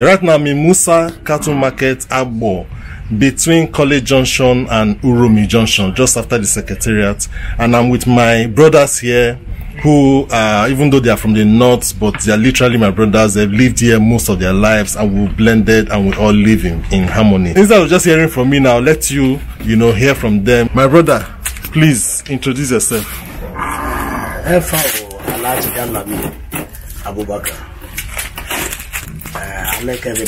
Right now, Mimusa Cattle Market abo between College Junction and Urumi Junction, just after the Secretariat. And I'm with my brothers here who, are, even though they are from the north, but they are literally my brothers. They've lived here most of their lives and we blended and we all live in, in harmony. Instead of just hearing from me now, let you, you know, hear from them. My brother, please introduce yourself. Abubakar. Okay.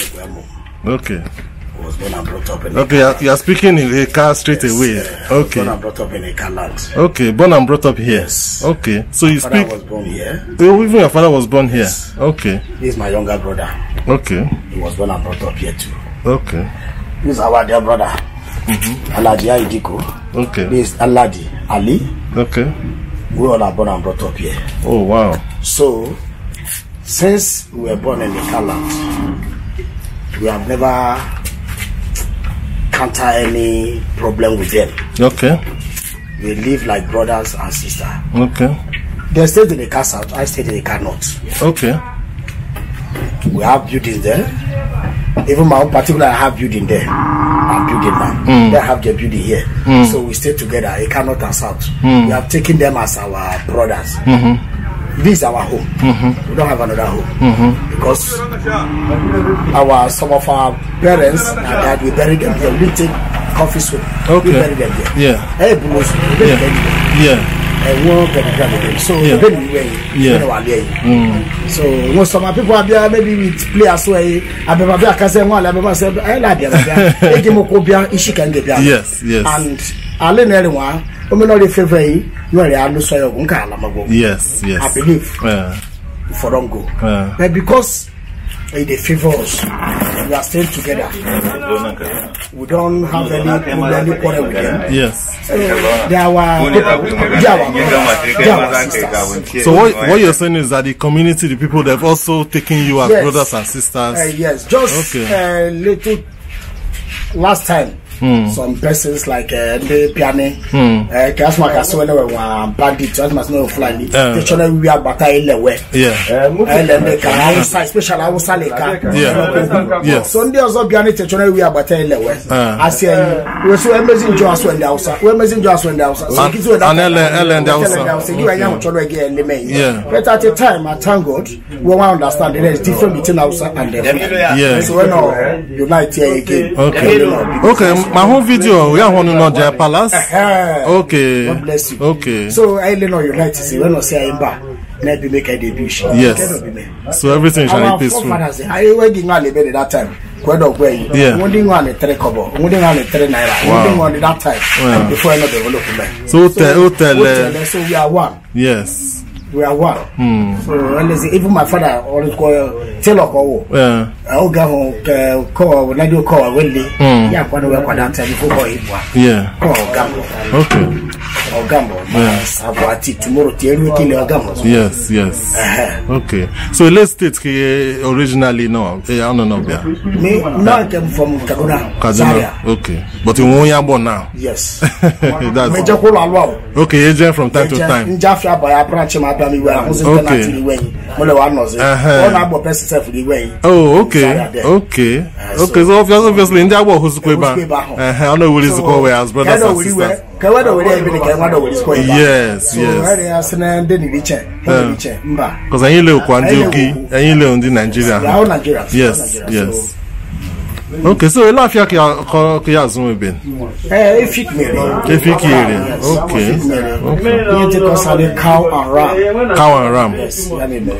was born and brought up in Okay, you are, speaking in a car straight yes, away. Uh, okay. Born and brought up in a car land. Okay, born and brought up here. Yes. Okay, so my you father speak. was born here. even your father was born yes. here. Okay. He's my younger brother. Okay. He was born and brought up here too. Okay. He's our dear brother. Mm-hmm. Aladi Aidiko. Okay. He's is Aladi Ali. Okay. We all are born and brought up here. Oh, wow. So, since we were born in the car land, we have never counter any problem with them. Okay. We live like brothers and sisters. Okay. They stayed in the car south, I stayed in the car north. Okay. We have buildings there. Even my own particular, I have building there. I'm building now. Mm. They have their building here. Mm. So we stay together, It cannot us out. Mm. We have taken them as our brothers. -hmm. this is our home. Mm-hmm. We don't have another home mm-hmm. because our some of our parents and dad we buried them here. We didn't take coffee soup. Okay. We buried them here. Yeah. Hey, Bruce, we buried yeah. them here. Yeah. And we buried them here. So yeah. we buried here. Yeah. Mm. So most of my people are there. Maybe we play as well. I remember I can say one. I remember say I like the other. Yes. Yes. And I learned everyone omenori favor yi nwere anụ soyo nke ala mago yes yes i believe yeah. for don yeah. but because e dey favour us we are staying together we don't have any any quarrel with them yes so uh, they are our people they sisters so what what you're saying is that the community the people they've also taken you as yes. brothers and sisters uh, yes just okay. A uh, little last time Hmm. Some persons like uh, the piano, hmm. eh, Kasma Kaswele were must Kasma Snow Flying, eh. the channel we are Bataille West. Yeah. And eh, then the Kansa, especially Hausa Leka. Yeah. yeah. Sunday also piano, the channel we are Bataille West. I say, we're so amazing Joss when the Hausa, we're amazing Joss when the Hausa. So it's with Ellen Ellen Hausa. You are young children again, the main. Yeah. But at the time, I thank God, we want to understand there is different between us and them. Yeah. So we're not united again. Okay. Okay. my home video we are one no their palace okay god bless you okay so i learn on United, say when i say back. Let me make a debut yes so everything shall be peaceful i wedding na le be that time kwedo kwe yi won dey one le 3 kobo won one le 3 naira won dey one that time before i no develop so hotel hotel so we are one yes we are one. Mm. So always, even my father always call tell of our. Yeah. I go go call na do call when they. Yeah, kwani we kwa that time before boy. Yeah. Call gambo. Okay. Or gambo. Yes. Abati tomorrow tell you kill your gambo. Yes, yes. okay. So let's state ke originally no. E, I don't know there. Me no I came from Kaduna. Kaduna. Okay. But you won born now. Yes. That's. Major Kolo Okay, agent from time to time. by a branch ma plan iwe ahụ si site na tiri iwe yi mole wa nọzi ọ na-agbọ pesi sef na iwe oh okay okay okay so obviously obviously ndị agbọ hụzikwa ebe ahụ ọ I know owe as brothers and sisters ka wada were ebe ka wada were sikwa ebe yes yes so ya sị because anyị lekwa ndị ogi anyị lekwa ndị Nigeria yes yes Ok, so e la fya ki a zon e ben? E, e fik meren. Ok, fik meren, ok. Yon te konsade kaw an ram. Cow and ram.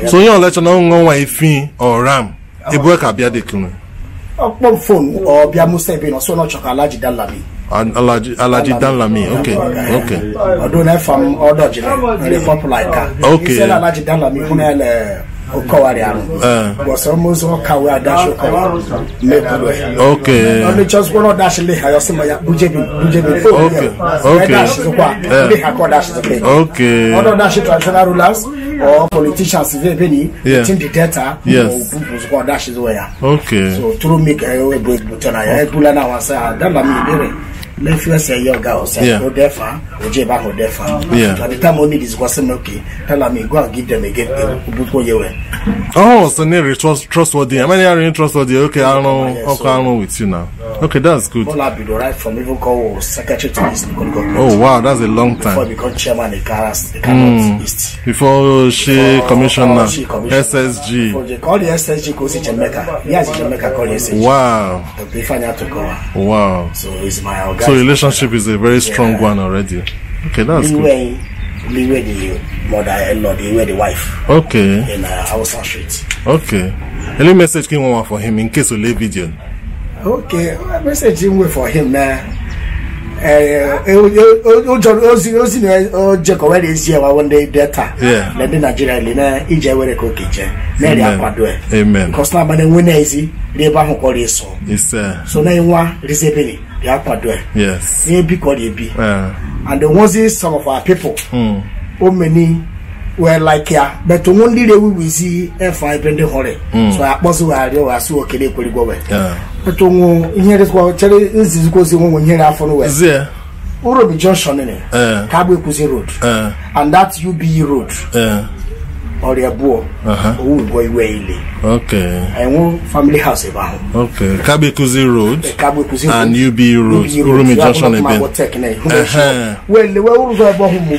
So yon lechon an yon wan ifin an ram, e bwe ka biya dekine? Okpon fon, o biya mousen ben, o so nan chok alaji dan lami. Alaji dan lami, ok, ok. O do ne fam odo jine, ne Ok. Se alaji dan lami, kone le okɔwari ano wɔsɛn mo nso ɔka wo adasi ɔkɔwari mɛkulu ɛ ok ɔni kyɛnso kɔnɔ ɔdasi leha yɔsi ma ya buje bi buje bi o ok ok ɛdasi so kɔ a leha kɔ ɔdasi so pe ok ɔdɔ ɔdasi traditional rulers or politicians ve be ni wetin be data yes o bu bu so kɔ ɔdasi so ya ok so turu mi kɛ ɛɛ bu tɔn na ya ɛbula na wa sɛ a dama mi l'influence est yoga aussi. Yeah. Odefa, Ojeba Odefa. Yeah. By the time only this was okay, tell me go and give them again. Eh, oh, so nearly trust trustworthy. I mean, are trustworthy. Okay, I know. Okay, I know with you now. Okay, that's good. Bola Bido, right from even call secretary to East Oh wow, that's a long time. Before become chairman, hmm. Before she commissioner, SSG. call the SSG, go see Jamaica. Yes, Jamaica call SSG. Wow. Wow. So he's my organ. So relationship is a very strong yeah. one already. Okay, that's Liwe, good. Liwe the mother-in-law, Liwe the wife. Okay. In uh, Hausa Street. Okay. Any message came over for him in case you leave video? Okay, message him for him now. ozi na o jekọwa na ezi ewa wonde data na ndị naijiria le na ije ewere ka oke je na-eri akwado ya because na-agba na enwe na ezi n'ebe ahụ kọrọ eso so na nwa rizebere they are quite there. Yes. Near be called be. And the ones is some of our people. Mm. Oh many were like ya, but only they will see a five bending hole. So I was where they were so okay, they could go away. But here is what Charlie is because when you're out from where. Urobi Johnson, Kabwe Kuzi Road, and that's UBE Road. Yeah ọrịabuo owu igbo iwe ile enwu family house ebe ahụ kabekuzi road and ub road urumi junction ebe wele wee ụzọ ebe ọhụụ bụ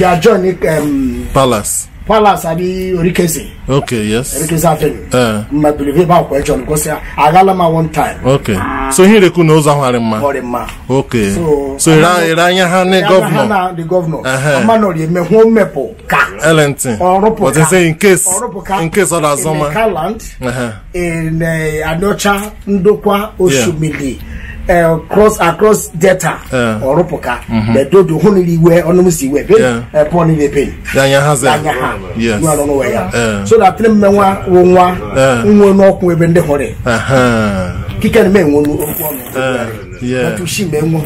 ya john um, palace palace abi orikese. okay yes orikese avenue. Eh. ma believe ba akwọ ẹjọ nko si agala ma one time. okay so ihe rekwu na ụzọ ahụ mma. ọ mma. okay so ire anya ha ni gọvanọ. ha na the governor. ọma nọ rie mme hụ mmepụ ka. elentin ọrụpụ ka ọrụpụ ka nkesi nkesi ọ na-azọ mma. in kaland in adọcha eh, ndokwa osimiri. Yeah uh, cross across delta yeah. or ropoka the do do honey where onom si where bin pon ni bin danya ha za danya ha yes no no where so that pin me nwa wo nwa nwo no ku ebe ndi hore aha kika ni me nwo no yeah to shi me nwo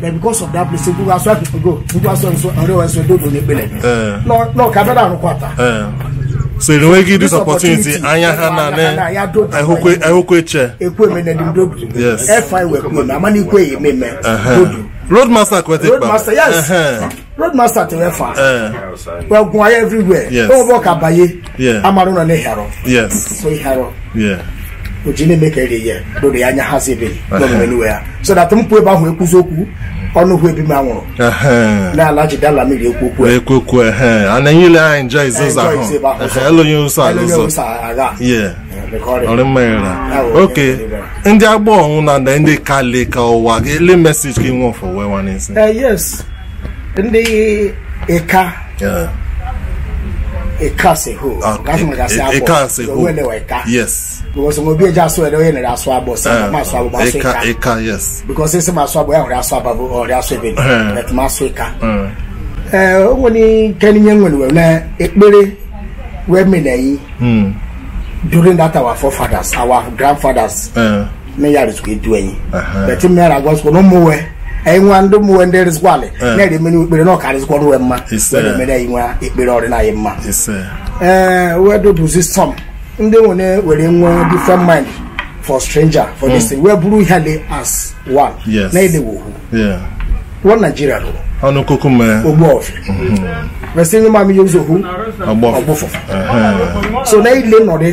but because of that place go aso go go aso so ore wa so do do ni bele no no ka da no kwata so enweghị this opportunity anya ha na ehokwe che roadmaster kwete kpa roadmaster yes roadmaster ti wẹ fa wẹgun ayé everywhere wọn ka baye amadu na ne hẹrọ so hẹrọ ojì ni mẹkẹrẹ yẹ lórí anya ha sebe lọmọ ẹni ya so dàtọ́ mpọ ebe ahụ ọnụ hụ ebi m anwụrụ na alaji dala mmiri ekwokwu ekwokwu ana enyi ile anyị njọ izuza ahụ elonye ụsọ alụzọ ọrịmmayịra oke ndị agbọghọ nwụna na ndị ka ka ụwa gị ele mesiji ka inwe ọfọ wee nwanisi eh, yes ndị ịka ɛka sɛ ho kasoma kase abɔ ɛka sɛ ho ɔwɔ ne wɔ ɛka yes because mo bi ɛgya so ɛdɛ ɔyɛ ne da so abɔ sɛ ma so abɔ ma so ɛka ɛka yes because ɛsɛ ma so abɔ ɛyɛ ɔde aso abɔ ɔde aso ebe ni ɛtɛ ma so ɛka ɛɛ ɔwɔ ni kɛni nyɛ ŋmɛni wɛm na ekpere wɛmi na yi hmm. during that our forefathers our grandfathers ne yari tukɛ du ɛyin bɛti mi yɛrɛ agbɔ so no mo wɛ. anyị nwa eh. eh, ndị ụmụnwe ndị rịzikwa ala. na-eri mmiri ikpere na ọkarịzikwa ọrụ mma mere anyị ọrịa na ọdịnala mma ee wedo bụzi sọm ndị nwere were nwe different mind for stranger hmm. wee as one na ọnụ ndị mamị mm-hmm. ya ozu okwu ọgbọfọ so na ile nọrị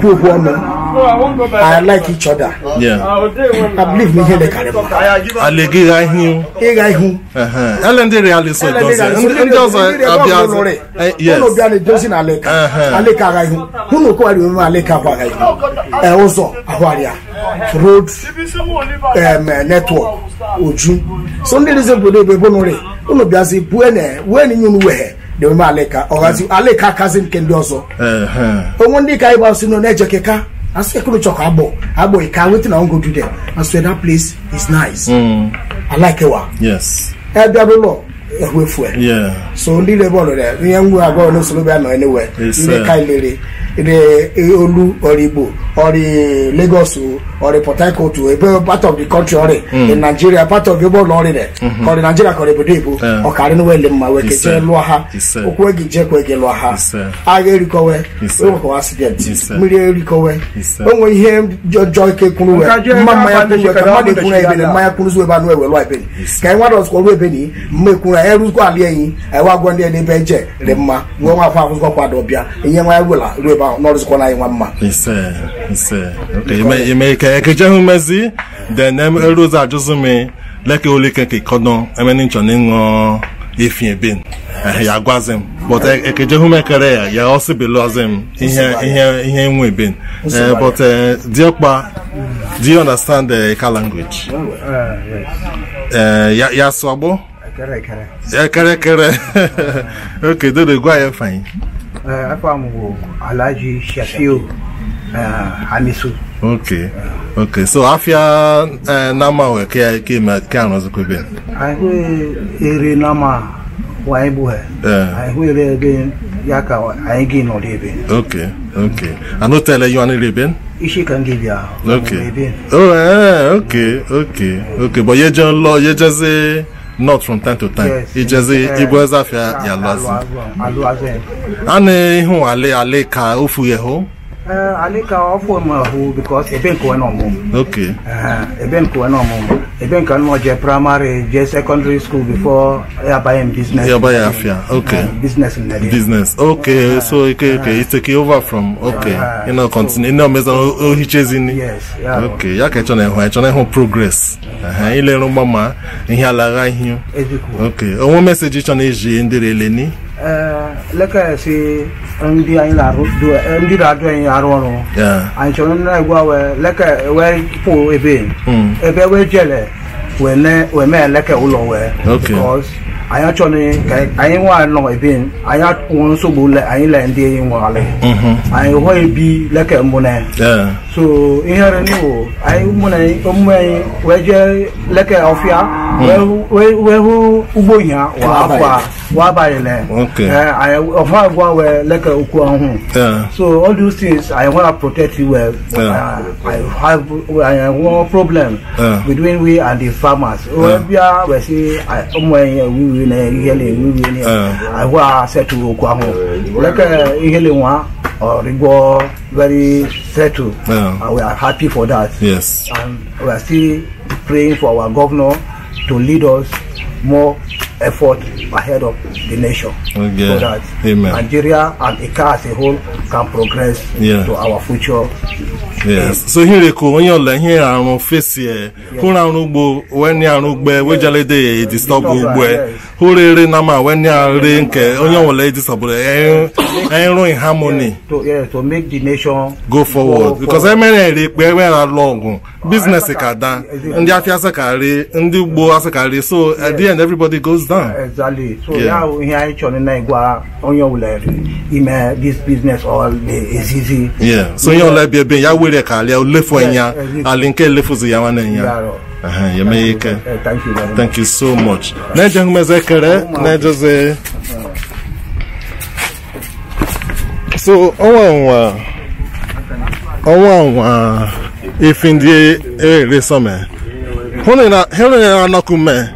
ku ọnụ I like each other. Yeah. I believe me ndị eh, Yes. aleka. Aleka ga ihu. Hụnụ ko ari aleka kwa Eh Road um, network oju. ndị bonore. buene, aleka ndị ndị ka ịgba as Ekuluchok Abo, Abo, you can't wait till I go to there. And so that place is nice. Mm. I like it. Yes. I don't know. Yeah. So ndị lebe ọrụ ya ihe ngwa agwa ọrụ soro bịa nọ anywhere. kind lady. ilere ndị olu ọrụ ọrị Lagos ọrị Port Harcourt ebe part of the country ọrị hmm. in Nigeria part of ebe ụlọ ọrị dị ọrị Nigeria kọrọ obodo ibu ọkarị na wele mma wee keje lụọ ha okwu egi ji ekwe gị lụọ ha agha erikọwe enwekwa accident mmiri erikọwe onwe ihe jọ ike kwuru wee mma mmanya kwuru ka ebe na mmanya ebe ebe ebe mma ekwuru nwa afọ ahụzụkọ kwado bịa enye nwa ya wela ruo ebe ahụ n'ọrụzụkọ na nwa mma Sir. Okay, you may leke ole keke kodon, em eni chone ngo ifin bin. Eh ya But eke jahu ya also belozem. Ihe ihe ihe nwe bin. but uh, diokpa do you understand the ka language? Uh, uh, ya ya sobo. Kere kere. Okay, gwa ya fine. Eh afa mu Shafiu. Eh, Hamisu. Okay. Okay. So afia uh, nama we kia kima kia nozo kubin. Aihu iri nama waibu e he. Eh. Aihu iri again yaka aigi no leben. Okay. Okay. Ano tele you ani leben? Ishi kan gibia. Okay. Oh eh. Okay. Okay. Okay. But ye jan lo ye jan say not from time to time. Yes, Ijazi eh. yes, Igbo Ezafia ya lazi. Ani ihu ale ale ka ofu yeho. Eh, ale ka ọ fọ ma ho because ebe nke wọn ọmụ. okay. Eh, ebe nke wọn ọmụ ebe nke wọn jẹ primary jẹ secondary school before yabaya business. yabaya afia okay. Eh, business in there. business okay so okay okay it's take over from okay ị na continue ị na omeza ohichezi ni. yes yeah. okay ya ka ịchọ na ịhụ ịchọ na ịhụ progress ileru mgbama ihe alagha ihu. okay onwe meseji na eji ndị rele ni. Eh, leke si ndi anyi la do ndi la do anyi aro no anyi tso nuna egua wɛ leke wɛ po ebe ebe wɛ jɛlɛ wɛ nɛ wɛ mɛ leke wulɔ wɛ because anyi tso ni kɛ anyi wa nɔ ebe mm-hmm. anyi wɔn sogbo lɛ anyi lɛ ndi anyi wɔ alɛ anyi hɔ ebi leke munɛ so ihɛrɛ ni o anyi munɛ munɛ wɛ jɛ leke ɔfia wɛ wɛ wɛ ugbo nya wɔ afa waba yi lɛ. okay ɛ ɔfɔ agua wɛ lɛkɛ oku ɔhun. yeah so all these things i wanna protect you well. uh, i have i have problem. yeah between we and the farmers. o bia wɛ si ɔmɔ yi wiwi na ihele wiwi ni. yeah i wanna settle oku ɔhun lɛkɛ ihele wa ɔrigbɔ very settled. yeah and we are happy for that. yes and we are still praying for our governor to lead us more effort ahead of the nation okay. so that Amen. Nigeria and ICA as a whole can progress yeah. to our future. Yes. So here ko wọn yàn lẹ́yìn àrùn fèsì ẹ̀ kúnra àrùn gbo wẹ́n ní àrùn gbẹ wẹ́jálẹ́dẹ́ èyí disturb gbogbo ẹ̀ ó rere nama wẹ́n ní àrùn nkẹ́ ó yàn wọ́n lẹ́yìn disturb ẹ̀ ẹ̀ run in eh, eh, eh, harmony. To, yeah, to make the nation go forward because ẹ mẹ́rin èrè pé ẹ mẹ́rin lọ business kà dá ndị afia asị kà rí ndị ugbo asị kà rí so at the end everybody goes done. Exactly. So yeah, yeah in Nigeria. on your ime this business all is easy. Yeah. So you like be a bit. ya were ka le le fo nya I link fo zi ya wana nya. Aha, ya me yeke. Thank you very much. Thank you so much. Na jang mezekere, na jose. So, owa owa. Owa owa. Ifindi e resome. Hone na, hone na nakume.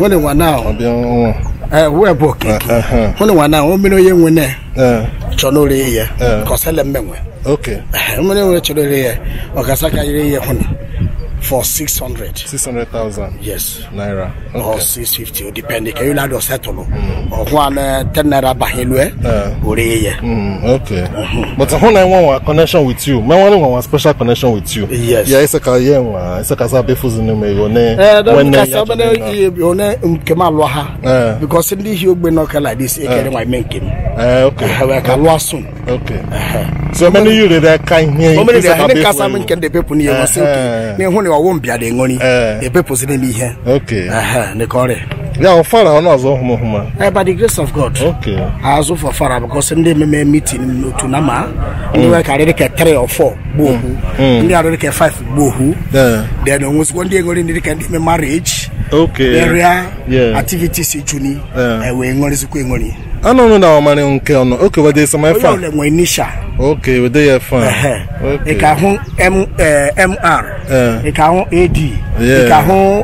wone wana o ɛwɛ bɔ keke wone wana o mine ye ŋun nɛ tsɔ n'o de ye yɛ kɔsɛlɛ mɛ ŋun. ok ɛɛ mine o tsɔ n'o de ye yɛ ɔ kasa ka yire yɛ kɔni for 600. 600,000? Yes. Naira. Okay. Or 650, depending. Can you land or settle? Mm. Or one 10 uh, naira bahilwe? Eh? Uh, mm, okay. Mm-hmm. But when I want a connection with you, my one want a special connection with you. Yes. Yeah, it's a kayen, it's a kasa befuzi nume, yone. Eh, when kasa bene yone mkema loha. Because in this you be like this, it can my menkim. Eh, okay. Eh, we can loa soon. Okay. Uh-huh so mene yiri dɛ kan hɛn o mene dɛ hɛn kasa mi nkɛ de pepu ni yɛ wɔ sɛnki ne ho ne wa wo mbia de ŋɔni de pepu si ne mi hɛ okay ne kɔɔre. Yeah, or Farah, no, so home, by the grace of God. Okay. I also for Farah because in the me meeting to Nama, we were carried a three or four bohu, and the other five bohu. Eh. Then almost one day going to the marriage. Okay. Area yeah. activities, Juni, and we're going to Ano no na o mane nke ono. Okay, we dey some fine. Ole mo inisha. Okay, we dey fine. Okay. E MR. E ka AD ika ho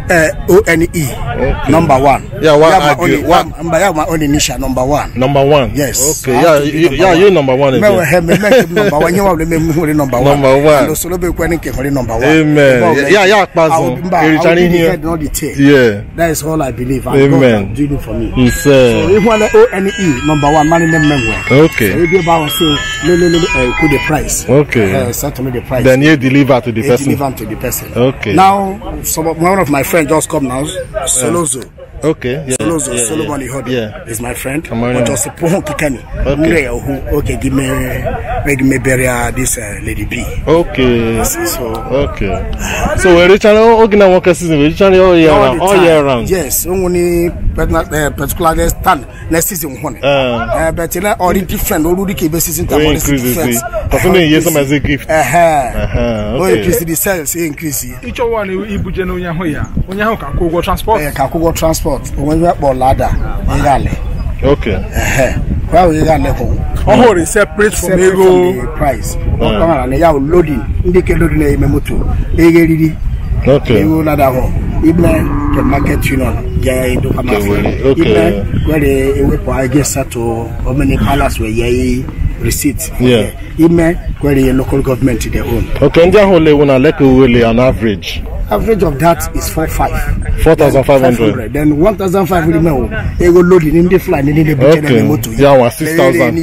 one number one. Yeah, one agree. One. Mbaya ma only nisha number one. Number one. Yes. Okay. Yeah, you, yeah, you number one. Me we he me me number one. Nyewa me me hori number one. Number one. Ndo solo be kwani ke hori number one. Amen. Yeah, yeah, pass. Returning here. No detail. Yeah. That is all I believe. And Amen. God did it for me. Yes. So if one O N E number one man in the memory. Okay. So if you about say le le le uh, could the price. Okay. Uh, settle the price. Then you deliver to the person. Deliver to the person. Okay. Now. some one of my friends just come now, Solozo. Okay. Yeah, Solo yeah, Solomon yeah, Ihodo yeah. is my friend. But also Poho Kikani. Okay. Okay, give me, Give me bury uh, this uh, lady B. Okay. So. Okay. So we're reaching all Ogina Walker season. We're reaching all year round. All year round. Yes. Only uh, particular next time next season one. Uh, uh, but you know, all the different, all the key season time. We increase it. Because only yes, I'm as a gift. Uh huh. Uh huh. Okay. increase the sales, increase. Each one, you buy no nyahoya. Nyahoka kugo transport. Uh, kugo transport. spot onwe ihe akpọ lada ịghali ọhụrụ separate na ya ndị ke eme moto ego eriri ego lada ibe receipt. Yeah. Ime query your local government to their own. Okay, How Njahole Wuna Lekuwele on average. Average of that is four five. Four thousand five hundred. Then one thousand five hundred. They go loading in the fly in the budget and the motor. Yeah, six thousand.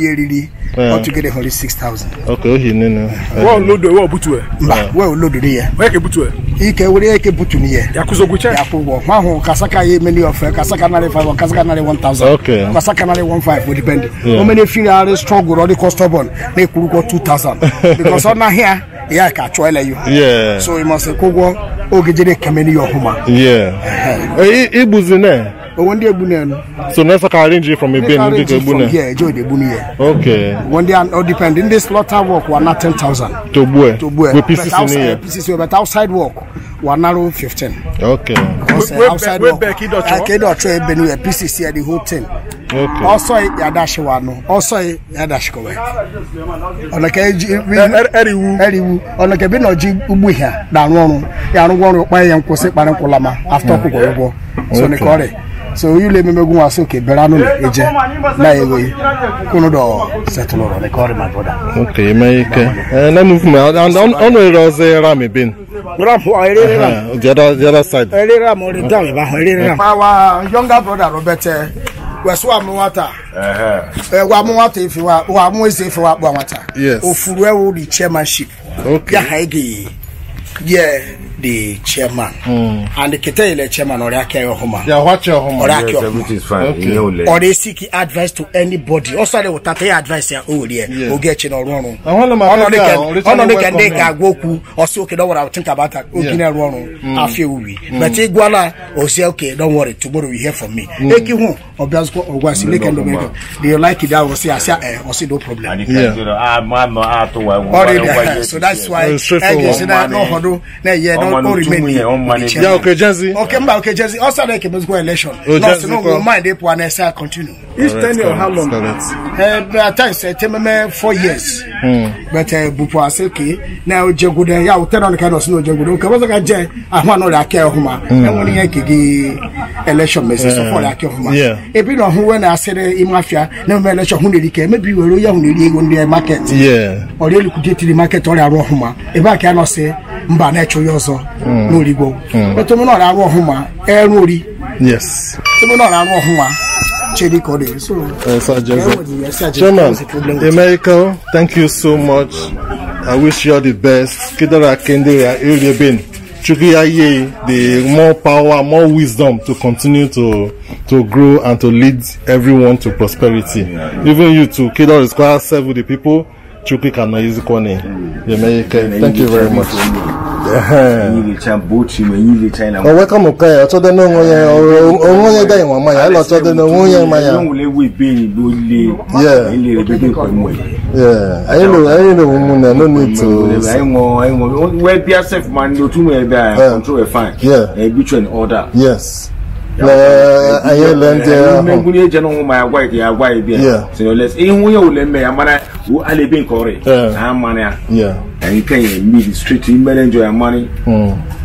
altogether holy 6000 okay ohi nene wa lodo wa butuwe mba wa lodo ni ya wa ke butuwe ike wuri ke butu ni ya yakuzo guche yakuwo ma hu kasaka ye many of uh, kasaka na 5 kasaka na 1000 ok kasaka na 15 we depend how many feel are struggle or the customable na kuruko 2000 because on here yeah ka ele you yeah so you must kugwo ogejere kemeni yo huma yeah igbuzi uh-huh. eh, na One day, Bunen. So, never can arrange it from a bin. Yeah, Joy de Bunia. Okay. One day, all oh, depending. This slaughter work, are not ten thousand. To buy, To buy. We pieces in here. Pieces, but outside work, are narrow fifteen. Okay. Because uh, outside work, I can't try Benue pieces here, the whole thing. Okay. Also, uh, Yadashi Wano. Also, uh, Yadashi Kowe. Ọ̀nàkẹ́ ẹ̀rìwú. Eh, eh, eh, ẹ̀rìwú. Ọ̀nàkẹ́ bí nọ̀jí ugbu ìhà dànù one. Yàrá ọ̀run ọ̀pá ẹ̀yẹ nkwụsị kpara nkwụlama After akwụkwọ ụgwọ. So, nìkọ́ rẹ̀ so you let me yule memegun wa soke beranu le eje na ewe kunu do settle ro record my brother okay make eh na move me and on on we ro ze ram bin ram ho ere uh-huh, ram the other the other side ere ram o le down ba ere ram our younger brother robert wẹ̀sùn àmúwátà ẹ̀wọ̀ àmúwátà ìfìwà wà àmúwẹ̀sẹ̀ ìfìwà àpò àwátà òfurufú ẹ̀wọ̀ the chairmanship yàhà ẹ̀gẹ̀ yẹ the chairman. Mm. and Ketele chairman ọ̀rẹ́ akẹ́ ọ̀hún. yà wá kí ọ̀hún. ọ̀rẹ́ akẹ́ ọ̀hún. ọ̀rẹ́ seek advice to anybody ọ̀sán ìwòta tẹ́ advice yà ó rí ẹ̀ oge ẹ̀kyin ọ̀rọ̀rùn. ọ̀nọ́dẹ kẹ́ndé ka gbóku ọ̀sẹ̀ òkè don't worry i will think about that ogi náà rọrùn hmm. afẹ́ òwì. Hmm. bẹ̀tẹ̀ iguana ọ̀sẹ̀ òkè don't worry tomorrow we hear from me. Hmm. eki hun ọ̀bí asukọ ọ̀gbọ́n àti ilé kẹ́ndé ọ̀gbọ́n do you like it that ọ̀sẹ̀ àṣà ẹ̀ ọ̀sẹ̀ no problem. ọ̀rẹ́ ah, so that's why ẹ̀kẹ́ sinna náà ọ̀dọ́ náà yẹ one or two years on manage. Yeah, okay, Jersey. Okay, mba, okay, Jersey. Also, they can go election. Oh, no, so no, we mind they plan and say continue. Each ten year, how long? Eh, at times, eh, ten me four years. Hmm. But eh, bupo aseki na ojegu den ya o ten on kind of no ojegu den. Because I je, I want no that care huma. Na won yen kigi election message so for that care huma. Yeah. Ebi no ho when I say the eh, imafia na me election hu neri ke, maybe we ro ya hu neri ego in the market. Yeah. Or you liquidate the market or arọ huma. Eba ke no say mba na-echụ ya ọzọ mm. n'origbo etemenọrụ mm. arụ ọhụma eru ori etemenọrụ arụ ọhụma eh, Chairman, Emeka, thank you so much. I wish you all the best. Kidara Kendera Iriebin, Chukiyaye, the more power, more wisdom to continue to to grow and to lead everyone to prosperity. Even you too, Kidara is quite serve with the people chuki kana hizi kwani mm. yameike thank you very much ọwẹ́kọ̀ mọ̀ kẹ́ ọ̀tọ́dẹ́ náà wọ́n yẹn ọ̀rọ̀ ìwọ̀n mayà ọ̀tọ́dẹ́ náà wọ́n yẹn mayà. ẹyin ló ẹyin ló ń mú nà no need to. wẹ́ẹ́ bí asef man ní o túmọ̀ ẹ̀ bẹ́ẹ̀ control ẹ̀ fine ẹ̀ bí twẹ̀ ní order. I am then there. I'm going to general my wife, yeah, why be here. So let's in we all in me, I'm gonna who I live in Korea. I'm money, yeah, and you can meet the street, you may enjoy your money.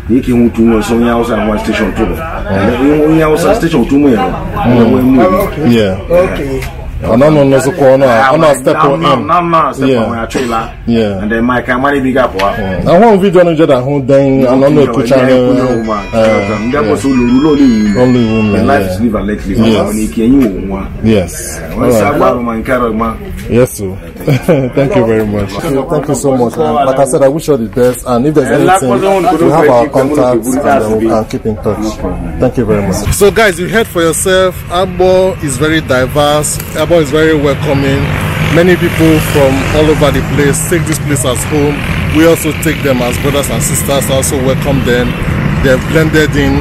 You can move to no so house and one station to the house station to me. Hmm. Yeah, okay. And I'm on the corner. I'm not step on. I'm not step on a trailer. Yeah. And then my camera big up. I want video on that whole thing. I'm on the two channel. That was only only only woman. Life is live and let live. Yes. Yes. Yes, sir. Thank you very much. Thank you so much. And like I said, I wish you all the best. And if there's anything, you have our contacts and then we can keep in touch. Thank you very much. So, guys, you heard for yourself. Ambo is very diverse. Ambo Gabon is very welcoming. Many people from all over the place take this place as home. We also take them as brothers and sisters, also welcome them. They've blended in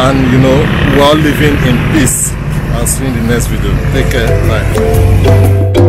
and you know, we're all living in peace. I'll see you in the next video. Take care. Bye.